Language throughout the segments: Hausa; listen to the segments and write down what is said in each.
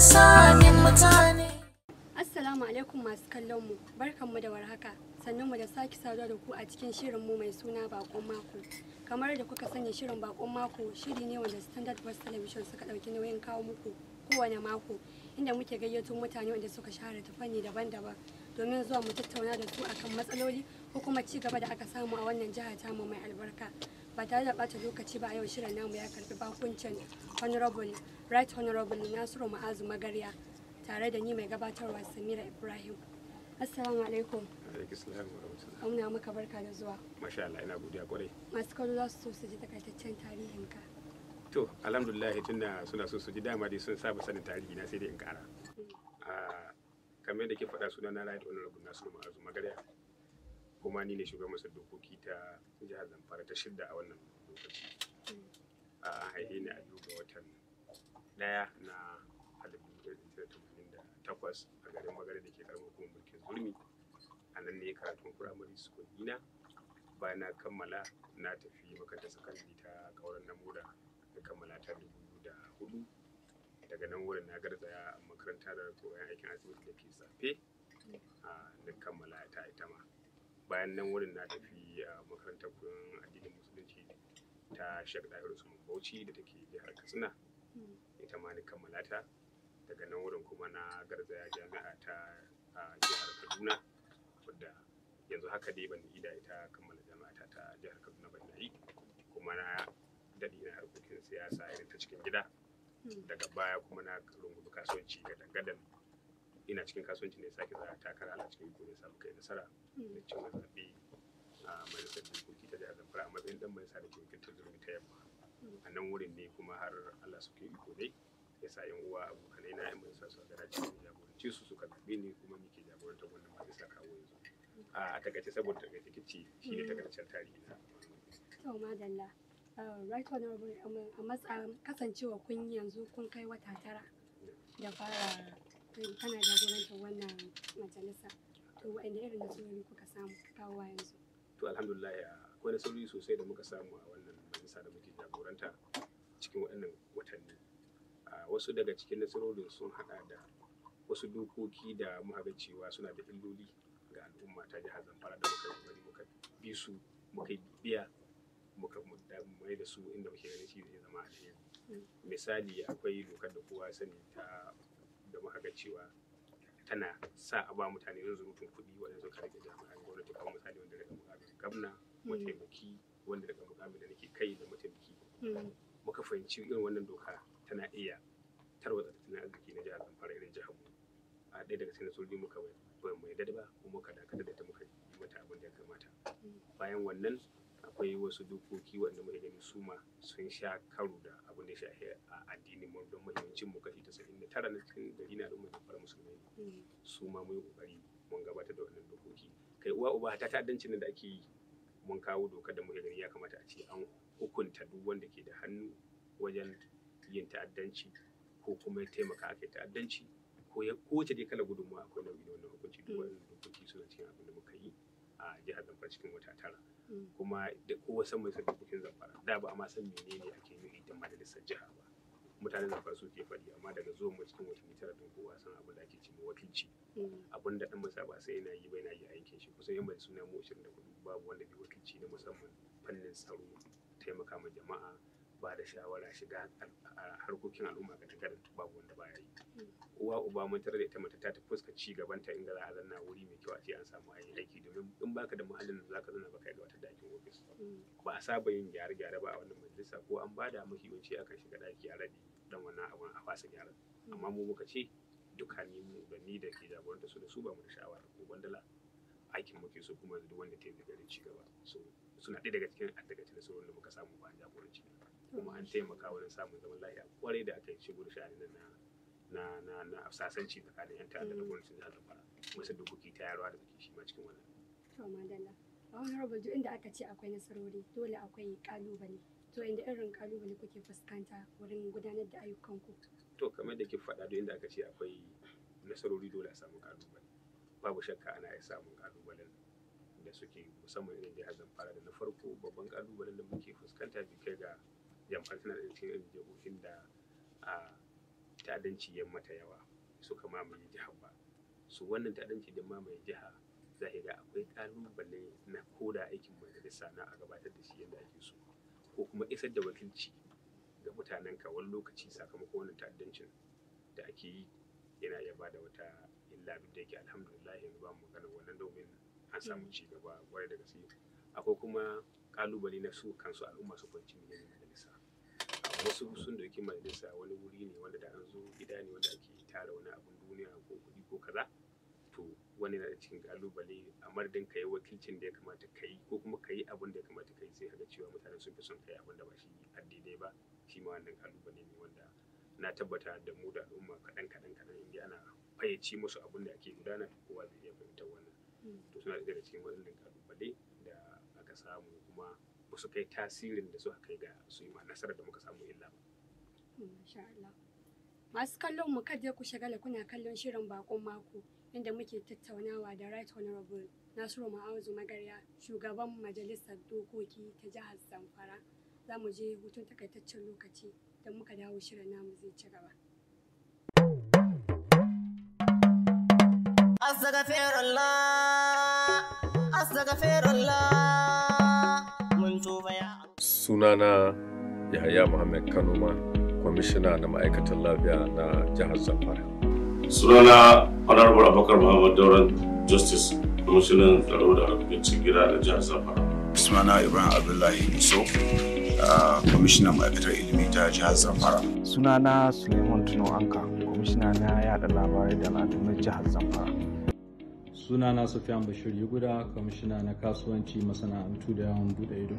Assalamu alaikum masu kallon mu barkanmu da warhaka sannan mu da sake saduwa da ku a cikin shirin mu mai suna bakon mako kamar da kuka sani shirin bakon mako shiri ne wanda Standard Bus Television suka dauki nauyin kawo muku kowane mako inda muke gayyato mutane wanda suka shahara ta fanni daban-daban domin zuwa mu tattauna da su akan matsaloli ko kuma ci gaba da aka samu a wannan jiha mu mai albarka ba tare da bata lokaci ba a yau shirin namu ya karbi bakuncin honorable right honorable nasiru ma'azu magarya tare da ni mai gabatarwa samira ibrahim assalamu alaikum amna maka barka da zuwa masha Allah ina godiya kwarai masu kallo za su so su ji takaitaccen tarihin ka to alhamdulillah tunda suna so su ji dama dai sun saba sanin tarihi na sai dai in kara hmm. ah, kamar da ke faɗa sunan na right honorable nasiru ma'azu magarya kuma ni ne shugaban masu dokoki ta jihar zamfara ta shidda a wannan lokaci a haihe ne a biyu watan daya na da takwas a garin magana da ke karɓar hukumar mulkin zurmi a nan ne karatun firamare school ina bayan na kammala na tafi makarantar sakandare ta kauran namuda na kammala ta dubu da hudu daga nan wurin na garzaya makaranta da koyon aikin asibiti da ke safe na kammala ta ita ma bayan nan wurin na tafi a ah, makarantar koyon addinin musulunci ta shek ɗahir su bauchi da take jihar katsina hmm. ita ma ni kammala ta daga nan wurin kuma na garzaya jami'a ta ah, jihar kaduna wadda yanzu haka dai ban ida ita kammala jami'a ta ta jihar kaduna ban yi kuma na daɗi na harkokin siyasa irin ta cikin gida hmm. daga baya kuma na rungumi kasuwanci ga dangadan ina cikin kasuwanci ne sake zara takara a cikin iko ne samu kai nasara hmm. da cin zaɓe a majalisar dokoki ta jihar zamfara a matsayin dan majalisa da ke wakiltar zurmi ta yamma hmm. a nan wurin ne kuma har allah suke iko ne ya sa yan uwa abokanai na yan majalisa su gara cikin jagoranci su suka zaɓe ne kuma muke jagorantar wannan majalisa kawo yanzu a takaice saboda takaice kici shi ne hmm. takaitaccen tarihi na. to madalla uh, right honorable um, a matsayin kasancewa kun yanzu kun kai wata tara da fara kana jagorantar wannan majalisa to waɗanda irin nasarori kuka samu kawowa yanzu to alhamdulillah akwai nasarori sosai da muka samu a wannan majalisa da muke jagoranta cikin waɗannan watanni wasu daga cikin nasarorin sun haɗa da wasu dokoki da muka ga cewa suna da illoli ga al'umma ta jihar zamfara da muka bari muka bi su muka biya muka mai da su inda muke ganin shi zai zama a alheri mm. misali akwai dokar da kowa sani ta da muka ga cewa tana sa a ba mutane rufin kuɗi waɗanda suka rage jami'an gwamnati kan misali wanda daga mukamin gwamna hmm. mataimaki wanda daga mukamin da nake kai da mataimaki hmm. muka fahimci irin wannan doka tana iya tarwatsa tattalin arziki na jihar zamfara irin jihar mu a ɗaya daga cikin sojoji muka bai mu yadda ba kuma muka dakatar da ta muka yi mata abin da ya kamata hmm. bayan wannan akwai wasu dokoki wanda muka gani su ma sun sha karo da abin da ya shafi a addinin mu don muhimmancin mu kashi tasa'in tara na cikin gari na al'umma da musulmai hmm. su ma mun yi kokari mun gabatar da wannan dokoki kai uwa uba ta ta'addancin da ake yi mun kawo dokar da muke gani ya kamata a ce an hukunta duk wanda ke da hannu wajen yin ta'addanci ko kuma ya taimaka ake ta'addanci ko ya kowace dai kala gudunmu akwai nau'i na wannan hukunci duk hmm. wannan dokoki suna cikin abin da muka yi a jihar Zamfara cikin wata tara hmm. kuma da kowa san mai sabbin zamfara da ba a ma san menene ake yi da majalisar jiha ba Mutane na su ke faɗi amma daga zuwan mu cikin watanni tara din kowa san abu da ake ce ma wakilci mm. abin da ɗan masa ba sai yana yi ba yana yi a yankin shi kusan yan da suna mu da 24 babu wanda bai wakilci na musamman fannin tsaro taimaka ma jama'a ba da shawara shiga harkokin al'umma ga ta babu wanda baya yi mm. uwa uba mun tare da ita mata ta fuska ci gaban ta in ga za a zanna wuri mai kyau a ce an samu ayi aiki domin in baka da muhallin da zaka zanna baka ga wata dakin ofis mm. ba a saba yin gyare-gyare ba a wannan majalisa ko an bada muhimmanci akan shiga daki a rabi dan wannan abun a fasa gyara amma mu muka ce dukkanin mu da ni da ke jagoranta su da su ba mu da shawara ko bandala aikin muke so kuma duk wanda ta yi garin ci gaba so suna ɗaya daga cikin daga cikin nasarorin da muka samu ba a jagoranci kuma an taimaka wurin samun zaman lafiya kwarai da aka yi shigo da sha'anin na na na na sasanci tsakanin yan ta'adda da gwamnatin jihar Zamfara masu da kuki ta yarwa da take shi ma cikin wannan to madalla a wani rubutu inda aka ce akwai nasarori dole akwai kalubale to inda irin kalubale kuke fuskanta wurin gudanar da ayyukanku to kamar da ke faɗa da inda aka ce akwai nasarori dole a samu kalubale babu shakka ana iya samun kalubalen da suke musamman irin da hazan fara da na farko babban kalubalen da muke fuskanta bai kai ga jamfar tana da cikin jihohin da a ta'addanci yan mata yawa suka mamaye jihar ba su wannan ta'addanci da mamaye jiha za ga akwai kalubale na koda aikin majalisa na a gabatar da shi yadda ake so ko kuma isar da wakilci ga mutanenka wani lokaci sakamako wannan ta'addancin da ake yi yana ya ba da wata illa da yake alhamdulillah yanzu ba mu magana wannan domin an samu mm. ci gaba kwarai da gaske akwai kuma kalubale na su kansu al'umma su kwanci na majalisa wasu sun dauki majalisa wani wuri ne wanda da an zo gida ne wanda ake tara wani abun duniya ko kuɗi ko kaza wani na cikin kalubale a mardin ka yi wakilcin da ya kamata ka yi ko kuma ka yi abin da ya kamata ka yi sai haka cewa mutane sun fi son ka yi abin da ba shi addinai ba shi ma wannan kalubale ne wanda na tabbata da mu da al'umma kaɗan kaɗan kaɗan inda ana fayyace musu abin da ake gudana kowa zai iya fahimtar wannan to suna daga cikin waɗannan kalubale da aka samu kuma ba kai tasirin da suka kai ga su yi ma nasarar da muka samu illa ba. Hmm, masha Allah. Masu kallon mu kada ku shagala kuna kallon shirin bakon mako. inda muke tattaunawa da Right Honorable Nasiru Ma'azu Magarya, shugaban Majalisar Dokoki ta Jihar Zamfara. Za mu je hutun takaitaccen lokaci da muka dawo shirin namu zai ci gaba. Sunana Yahaya Muhammad kanoma kwamishina na ma'aikatan lafiya na jihar Zamfara. sunana honorable abubakar muhammad dauran justice kwamishinan tsaro da harkokin gida da jihar zamfara sunana ibrahim abdullahi iso kwamishinan ah, ma'aikatar ilimi ta jihar zamfara sunana suleiman tuno anka kwamishina na yada labarai da al'adun jihar zamfara suna na sufiyan bashir guda kwamishina na kasuwanci masana'antu da yawon bude ido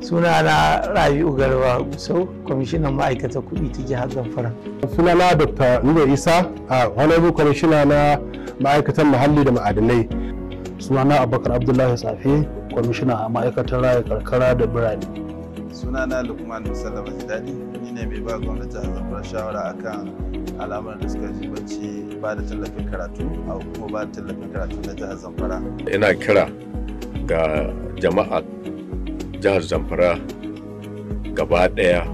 suna na rabi'u garba gusau kwamishinan ma'aikata kuɗi ta jihar zamfara suna na dr nura isa a honorable kwamishina na ma'aikatan muhalli da ma'adinai. suna na abubakar abdullahi safi kwamishina a ma'aikatar raya karkara da birane suna na lukman musallama Zidani, ni ne mai ba gwamnati a zamfara shawara a akan Alamar da suka bacci ba da tallafin karatu a kuma ba da tallafin karatu na jihar zamfara ina kira ga jama'a jihar zamfara gaba ɗaya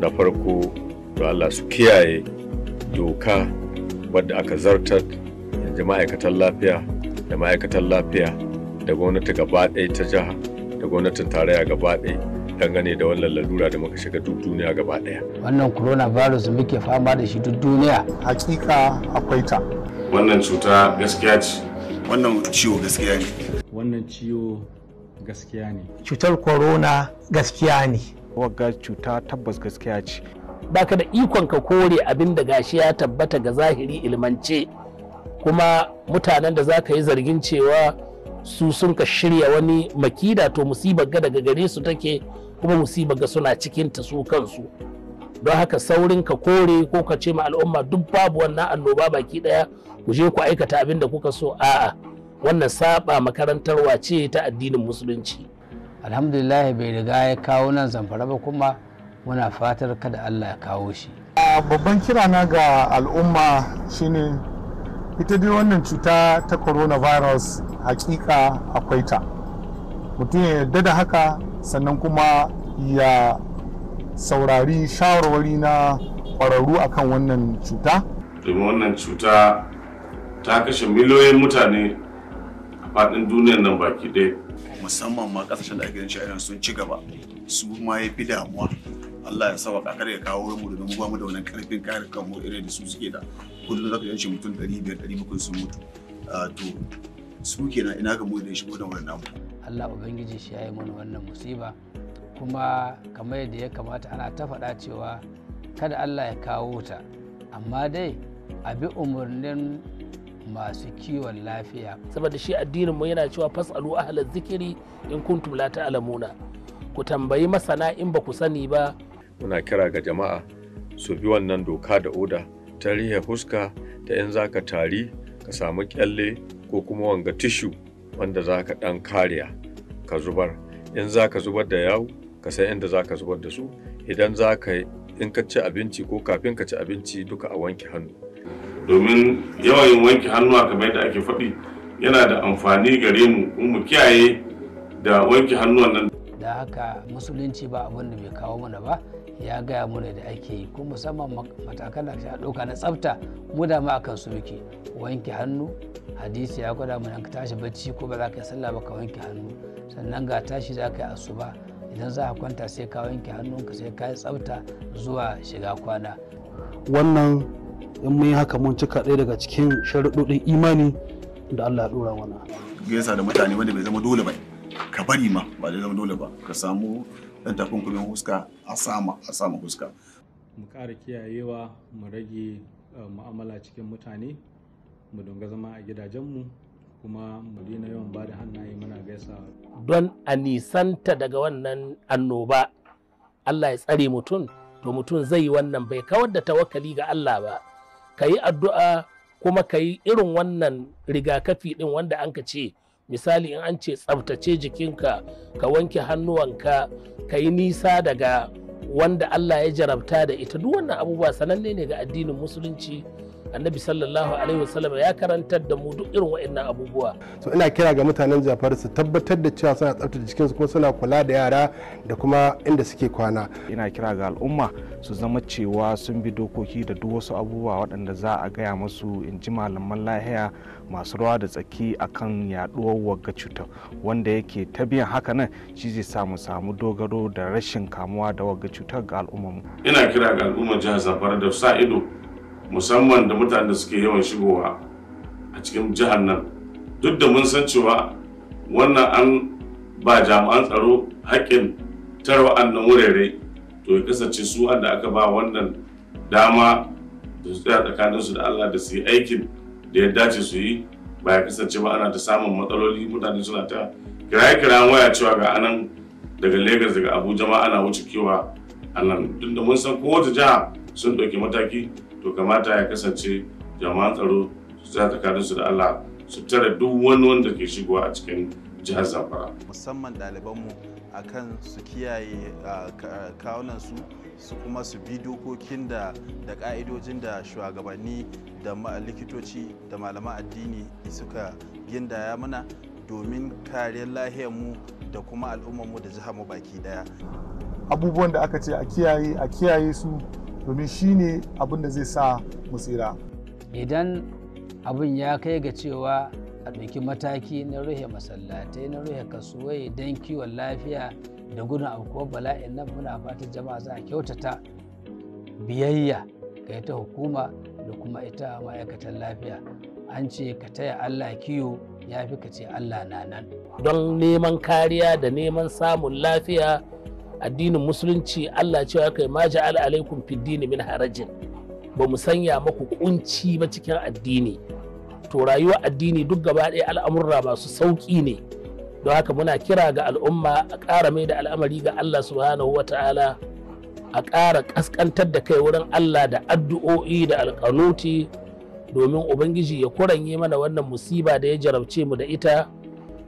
na farko da allah su kiyaye doka wadda aka zartar yanzu ma'aikatan lafiya da ma'aikatan lafiya da gwamnati gaba ɗaya ta jiha da gwamnatin tarayya gaba ɗaya dangane da wannan lalura da muka shiga duk duniya gaba daya wannan coronavirus muke fama da shi duk duniya hakika akwai ta wannan cuta gaskiya ce wannan ciwo gaskiya ne wannan ciwo gaskiya ne cutar corona gaskiya ne wagga cuta tabbas gaskiya ce baka da ikon ka kore abin da gashi ya tabbata ga zahiri ilmance kuma mutanen da za ka yi zargin cewa su sun ka shirya wani makida to musibar ga daga gare su take kuma musibar ga suna cikin ta su kansu don haka saurin ka kore ko ka ce ma al'umma duk babu wannan annoba baki daya ku je ku aikata abin da kuka so a'a wannan saba makarantarwa ce ta addinin musulunci alhamdulillah bai riga ya kawo nan zamfara ba kuma muna fatar kada allah ya kawo shi babban kira na ga al'umma shine ita dai wannan cuta ta coronavirus hakika akwai ta mutum ya yarda da haka sannan kuma ya saurari shawarwari na kwararru akan wannan cuta domin wannan cuta ta kashe miliyoyin mutane a faɗin duniyar nan baki ɗaya musamman ma ƙasashen da ake ganin sha'iran sun ci gaba su ma ya fi damuwa Allah ya sawa kakar ya kawo mu da mu ba mu da wannan karfin kare kanmu irin da su suke da kullum zaka yanci mutum 500 700 sun mutu ah, to su kenan ina ga mu da shigo da wannan namu. allah ubangiji shi ya yi mana wannan musiba kuma kamar yadda ya kamata ana ta faɗa cewa kada allah ya kawo ta amma dai a bi umarnin masu kiwon lafiya saboda shi addinin mu yana cewa fasalu ahalar zikiri in kuntum la ta'lamuna ku tambayi masana in ba ku sani ba muna kira ga jama'a su bi wannan doka da oda ta rihe fuska ta in zaka tari ka samu kyalle ko kuma wanga tishu wanda za ka ɗan kariya ka zubar in za ka zubar da yawu ka san inda za ka zubar da su idan za ka in ka ci abinci ko kafin ka ci abinci duka a wanke hannu domin yawan wanke hannu kamar yadda ake faɗi yana da amfani gare mu in mu kiyaye da wanke hannuwan nan da haka musulunci ba abin da bai kawo mana ba ya gaya mana da ake yi kuma musamman matakan da a ɗauka na tsafta mu da ma akan su muke wanke hannu hadisi ya gwada mana ka tashi bacci ko ba za ka yi sallah ba ka wanke hannu sannan ga tashi za ka yi asuba idan za ka kwanta sai ka wanke hannunka sai ka yi tsafta zuwa shiga kwana wannan in mun yi haka mun cika ɗaya daga cikin sharuɗoɗin imani da Allah ya ɗora mana gaisa da mutane wanda bai zama dole ba ka bari ma ba zai zama dole ba ka samu dan takunkumin huska a sama a sama huska mu ƙara kiyayewa mu rage eh, mu'amala cikin mutane mu dinga zama a gidajenmu kuma mu dina yawan ba da hannaye muna gaisa don a nisanta daga wannan annoba Allah ya tsare mutum to mutum zai yi wannan bai kawar da tawakkali ga Allah ba ka yi addu'a kuma kayi irin wannan rigakafi din wanda an ka ce misali in an ce tsaftace jikinka ka wanke hannuwanka ka yi nisa daga wanda Allah ya jarabta da ita duk wannan abubuwa sananne ne ga addinin musulunci annabi sallallahu alaihi wasallam ya karantar da mu duk irin wa'annan abubuwa so ina kira ga mutanen jafar su tabbatar da cewa suna tsaftace su kuma suna kula da yara da kuma inda suke kwana ina kira ga al'umma su zama cewa sun bi dokoki da duk wasu abubuwa waɗanda za a gaya musu in ji malaman lahiya masu rawa da tsaki akan yaduwar wagga cutar wanda yake ta biyan haka nan shi zai samu samu dogaro da rashin kamuwa da wagga cutar ga al'ummar ina kira ga al'umma jihar zafar da sa ido musamman da mutanen da suke yawan shigowa a cikin jihar nan duk da mun san cewa wannan an ba jami'an tsaro haƙƙin tara wa'annan wurare to ya kasance su wanda aka ba wannan dama da su tsaya tsakaninsu da Allah da su yi aikin da ya dace su yi ba ya kasance ba ana ta samun matsaloli mutane suna ta kiraye-kirayen waya cewa ga anan daga Legas daga Abuja ma ana wuce kewa a nan tunda mun san kowace jiha sun ɗauki mataki to kamata ya kasance jama'an tsaro su kada tsakaninsu da Allah su tare duk wani wanda ke shigowa a cikin jihar Zamfara. Musamman ɗalibanmu akan su kiyaye kawunansu su kuma su bi dokokin da da ka'idojin da shugabanni da likitoci da malaman addini suka gindaya mana domin kariyar mu da kuma al'ummarmu da jihar mu baki daya abubuwan da aka ce a kiyaye a kiyaye su domin shi ne abin da zai sa musira. idan abin ya kai ga cewa a ɗauki mataki na rufe masallatai na rufe kasuwai don kiwon lafiya da gudun afkuwar bala'in nan muna fatan jama'a za a kyautata biyayya ga ita hukuma da kuma ita ma'aikatan lafiya an ce ka taya allah kiwo ya fi ka ce allah na nan don neman kariya da neman samun lafiya addinin musulunci Allah cewa kai ma ja'al alaikum min harajin ba mu sanya maku kunci ba cikin addini to rayuwar addini duk gaba ɗaya al'amurra masu sauƙi ne don haka muna kira ga al'umma a ƙara mai da al'amari ga Allah subhanahu wa ta'ala a ƙara ƙasƙantar da kai wurin Allah da addu'o'i da alƙanuti domin Ubangiji ya kuranye mana wannan musiba da ya jarabce mu da ita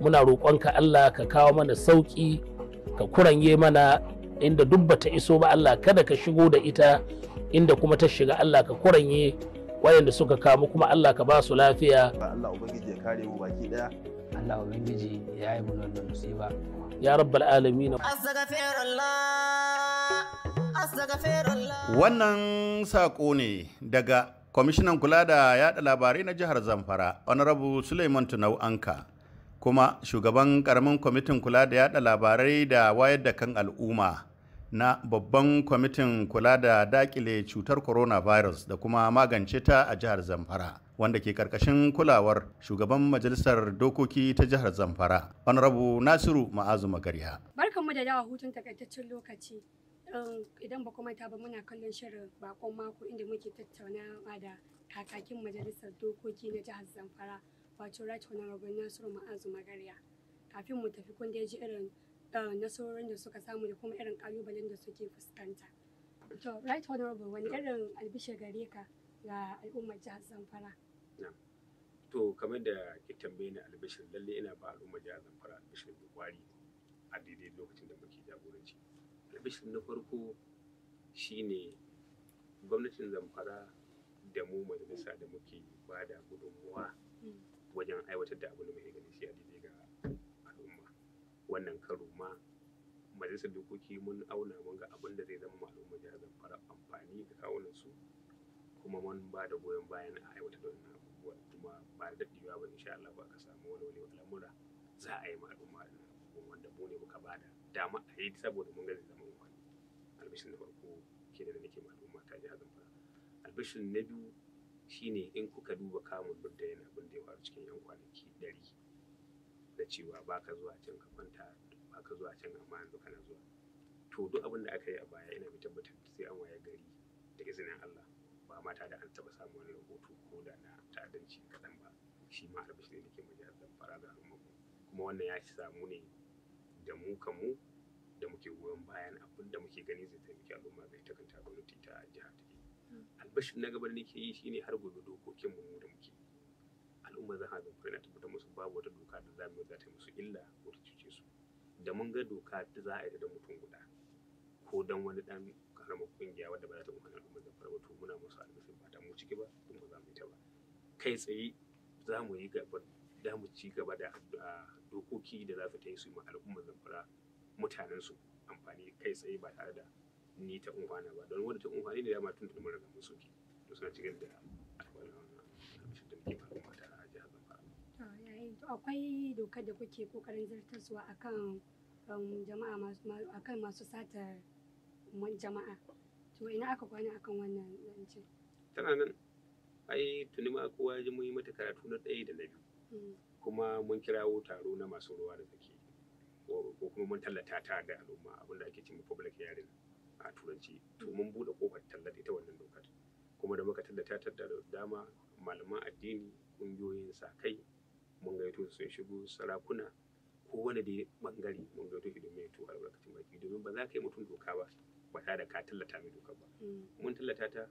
muna roƙonka Allah ka kawo mana sauƙi ka kuranye mana inda duk bata iso ba Allah kada ka shigo da ita inda kuma ta shiga Allah ka kuranye wayanda suka kamu kuma Allah ka ba su lafiya Allah ubangiji ya kare mu baki daya Allah ubangiji ya yi mu wannan musiba ya rabbal alamin wannan sako ne daga kwamishinan kula da yada labarai na jihar Zamfara honorable Suleiman Tunau Anka kuma shugaban karamin kwamitin kula da yada labarai da wayar da kan al'umma na babban kwamitin kula da dakile cutar coronavirus da kuma magance ta a jihar zamfara wanda ke karkashin kulawar shugaban majalisar dokoki ta jihar zamfara rabu, nasiru ma'azu magariya barkanmu da yawa hutun takaitaccen lokaci um, idan ba ta ba muna kallon shirin bakon mako inda muke tattaunawa da kakakin majalisar dokoki na jihar zamfara Facin Right Honorable Nasiru Ma'azu Magarya. Kafin mu tafi kun ji irin eh, nasarorin da suka samu da kuma irin kalubalen da suke fuskanta. To Right Honorable wani irin albishe gare ka ga al'ummar jihar Zamfara. To kamar da ki tambaye ni albishir lalle ina ba al'ummar jihar Zamfara albishir da kwari a daidai lokacin da muke jagoranci. Albishir na farko shine gwamnatin Zamfara da mu majalisa da muke ba da gudunmuwa mm. wajen aiwatar da abin da muke ganin shi a daidai ga al'umma wannan karo ma majalisar dokoki mun auna mun ga abin da zai zama al'umma jihar zamfara amfani ga kawunan su kuma mun ba da goyon bayan a aiwatar da wannan abubuwa kuma ba da daɗewa ba insha Allah ba ka samu wani wani al'amura za a yi ma al'umma wanda mu ne muka ba da dama a yi saboda mun ga zai zama wani albishin na farko kenan da nake ma al'umma ta jihar zamfara albishin na biyu shine in kuka duba kamun duk da yana abin cikin yan kwanaki ɗari da cewa baka zuwa can ka kwanta baka zuwa can amma yanzu kana zuwa to duk abin da aka yi a baya ina mai tabbatar sai an waye gari da izinin Allah ba mata da an taba samu wani rahoto ko da na ta'addanci kaɗan ba shi ma ne da ke majalisar fara da al'ummarmu kuma wannan ya samu ne da mu mu da muke goyon bayan abin da muke gani zai taimaki al'umma ga ta kanta gwamnati ta jiha take albashin na gaba da ke yi shine har gobe dokokin mu da muke al'umma za a kai na tabbatar musu babu wata doka da za mu yi ta musu illa ko ta cuce su da mun ga doka da za a yi da mutum guda ko dan wani dan karamar kungiya wadda ba za ta muhana al'umma zamfara ba to muna musu albashin ba ta mu ciki ba kuma za mu yi ta ba kai tsaye za mu yi gaba da mu ci gaba da dokoki da za su ta yi su ma al'ummar zamfara mutanensu amfani kai tsaye ba tare da ni ta umfana ba don wadda ta umfani da dama tun da mun riga mun soke to suna cikin da alwala abin da muke faɗin a jihar Zamfara. To akwai dokar da kuke kokarin zartaswa akan um, jama'a akan masu satar jama'a to ina aka kwana akan wannan zance. Tana nan ai tuni ma kowa ji mun yi mata karatu na ɗaya da na biyu hmm. kuma mun kirawo taro na masu ruwa da tsaki ko kuma mun tallata ta da al'umma abinda ake cewa public hearing a turanci to mun buɗe kofar tallata ita wannan dokar kuma da muka tallata ta da dama malaman addini ƙungiyoyin sa kai mun yato sun shigo sarakuna ko wani da bangare mun ga shi domin ya to albarkacin baki domin ba za ka yi mutum doka ba ba ta da ka tallata mai doka ba mm. mun tallata ta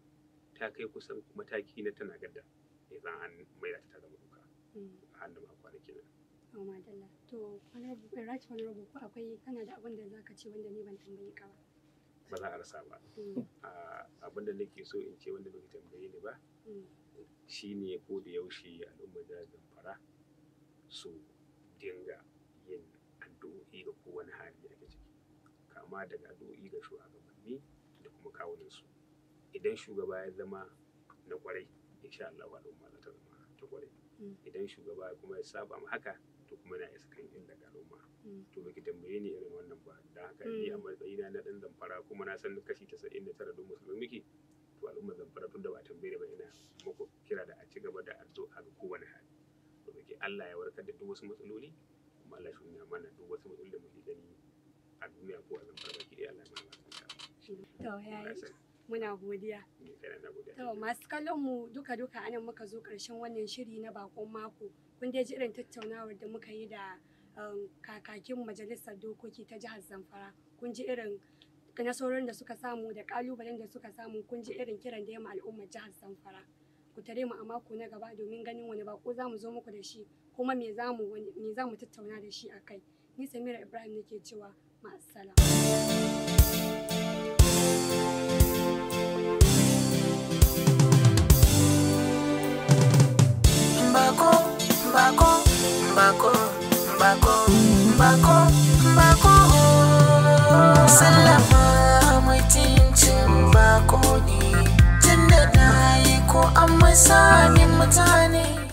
ta kai kusan mataki na tana gadda idan an mai ta zama doka a hannun a kwanaki nan Oh, madalla. To, Honorable Right Honorable, ko akwai kana da abin da za ka ce wanda ni ban tambaye ka ba? ba za a rasa ba hmm. abin da nake so in ce wanda baka tambaye ni ba hmm. shi ne ko da yaushe al'ummar da zamfara su dinga yin addu'o'i ga kowane hali ake ciki kama daga addu'o'i ga shugabanni da kuma kawuninsu idan shugaba ya zama na kwarai insha Allah al'umma za ta zama ta kwarai hmm. idan shugaba kuma ya saba ma haka to kuma yana isa kan inda galo ki tambaye ni irin wannan ba da haka ni a mm. matsayina na dan zamfara kuma na san kashi 99 don musulmi miki to al'umma zamfara tun da ba tambaye ba ina muku kira da a ci gaba da addu'a ga kowane hali domin ki Allah ya warkar da duk wasu matsaloli kuma Allah shi ne mana duk wasu matsaloli da muke gani a duniya ko a zamfara ba baki dai Allah ya mana ba ta muna godiya. To masu kallon mu duka duka anan muka zo karshen wannan shiri na bakon mako. Kun dai ji irin tattaunawar da muka yi da Um, kakakin majalisar dokoki ta jihar Zamfara kun ji irin nasarorin da suka samu da kalubalen da suka samu kun ji irin kiran da ya al'ummar jihar Zamfara ku tare mu a mako na gaba domin ganin wani bako za mu zo muku da shi kuma me za mu me za mu tattauna da shi akai ni Samira Ibrahim nake cewa ma'assalam Bako, bako, bako. bako bako bako oh. sallama mutuncin bako ne tun da na yi ko an masa mutane